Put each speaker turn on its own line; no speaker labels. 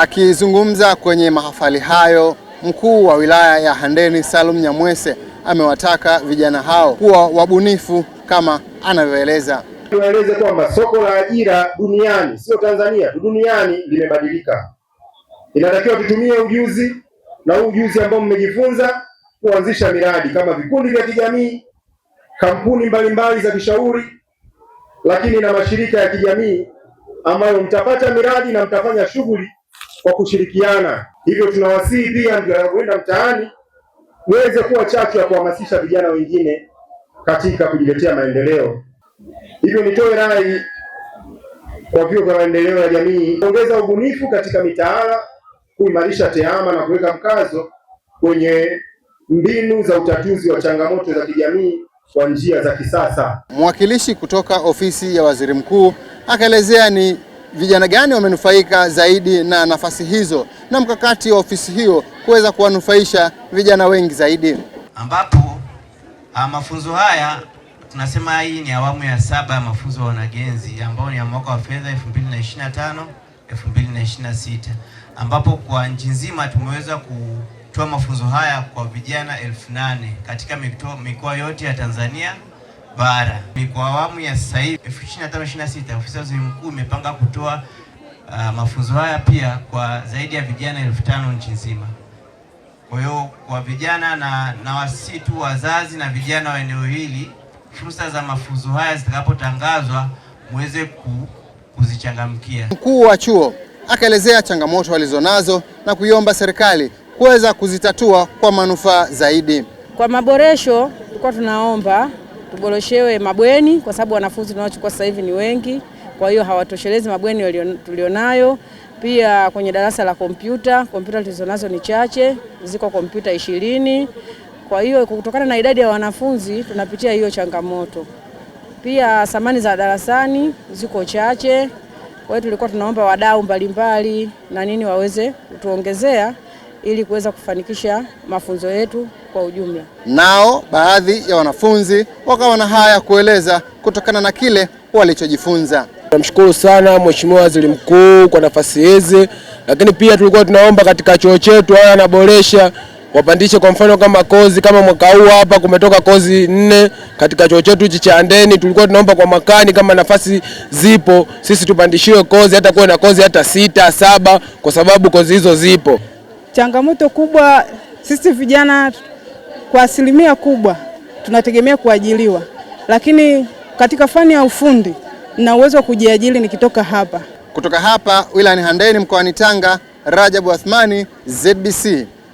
Akizungumza kwenye mahafali hayo, mkuu wa wilaya ya Handeni Salum Nyamwese amewataka vijana hao kuwa wabunifu kama anavyoeleza.
Tueleze kwamba soko la ajira duniani, sio Tanzania, duniani limebadilika. Inatakiwa tutumie ujuzi na huu ujuzi ambao mmejifunza kuanzisha miradi kama vikundi vya kijamii, kampuni mbalimbali za kishauri, lakini na mashirika ya kijamii ambayo mtapata miradi na mtafanya shughuli kwa kushirikiana. Hivyo tunawasihi pia mnapoenda mtaani uweze kuwa chachu ya kuhamasisha vijana wengine katika kujiletea maendeleo. Hivyo nitoe rai kwa vyuo vya maendeleo ya jamii ongeza ubunifu katika mitaala, kuimarisha tehama na kuweka mkazo kwenye mbinu za utatuzi wa changamoto za kijamii kwa njia za kisasa.
Mwakilishi kutoka ofisi ya Waziri Mkuu akaelezea ni vijana gani wamenufaika zaidi na nafasi hizo na mkakati wa ofisi hiyo kuweza kuwanufaisha vijana wengi zaidi,
ambapo ah, mafunzo haya tunasema hii ni awamu ya saba ya mafunzo ya wanagenzi ambao ni ya mwaka wa fedha 2025 2026, ambapo kwa nchi nzima tumeweza kutoa mafunzo haya kwa vijana elfu nane katika mikoa yote ya Tanzania bara. Kwa awamu ya sasa hivi 2025 26 ofisi ya waziri mkuu imepanga kutoa uh, mafunzo haya pia kwa zaidi ya vijana elfu tano nchi nzima. Kwa hiyo kwa vijana na, na wasitu wazazi na vijana wa eneo hili, fursa za mafunzo haya zitakapotangazwa muweze ku, kuzichangamkia.
Mkuu wa chuo akaelezea changamoto walizonazo na kuiomba serikali kuweza kuzitatua kwa manufaa zaidi.
Kwa maboresho tulikuwa tunaomba tuboroshewe mabweni kwa sababu wanafunzi tunaochukua sasa hivi ni wengi, kwa hiyo hawatoshelezi mabweni tulionayo. Pia kwenye darasa la kompyuta, kompyuta tulizonazo ni chache, ziko kompyuta ishirini. Kwa hiyo kutokana na idadi ya wanafunzi tunapitia hiyo changamoto. Pia samani za darasani ziko chache, kwa hiyo tulikuwa tunaomba wadau mbalimbali na nini waweze kutuongezea ili kuweza kufanikisha mafunzo yetu kwa ujumla.
Nao baadhi ya wanafunzi wakawa na haya kueleza kutokana na kile walichojifunza.
Namshukuru sana Mheshimiwa Waziri Mkuu kwa nafasi hizi, lakini pia tulikuwa tunaomba katika chuo chetu haya anaboresha wapandishe kwa mfano kama kozi kama mwaka huu hapa kumetoka kozi nne katika chuo chetu hichi cha Handeni. Tulikuwa tunaomba kwa mwakani, kama nafasi zipo, sisi tupandishiwe kozi, hata kuwe na kozi hata sita saba, kwa sababu kozi hizo zipo.
Changamoto kubwa sisi vijana kwa asilimia kubwa tunategemea kuajiliwa, lakini katika fani ya ufundi na uwezo wa kujiajiri nikitoka hapa.
Kutoka hapa wilayani Handeni mkoani Tanga, Rajabu Athmani, ZBC.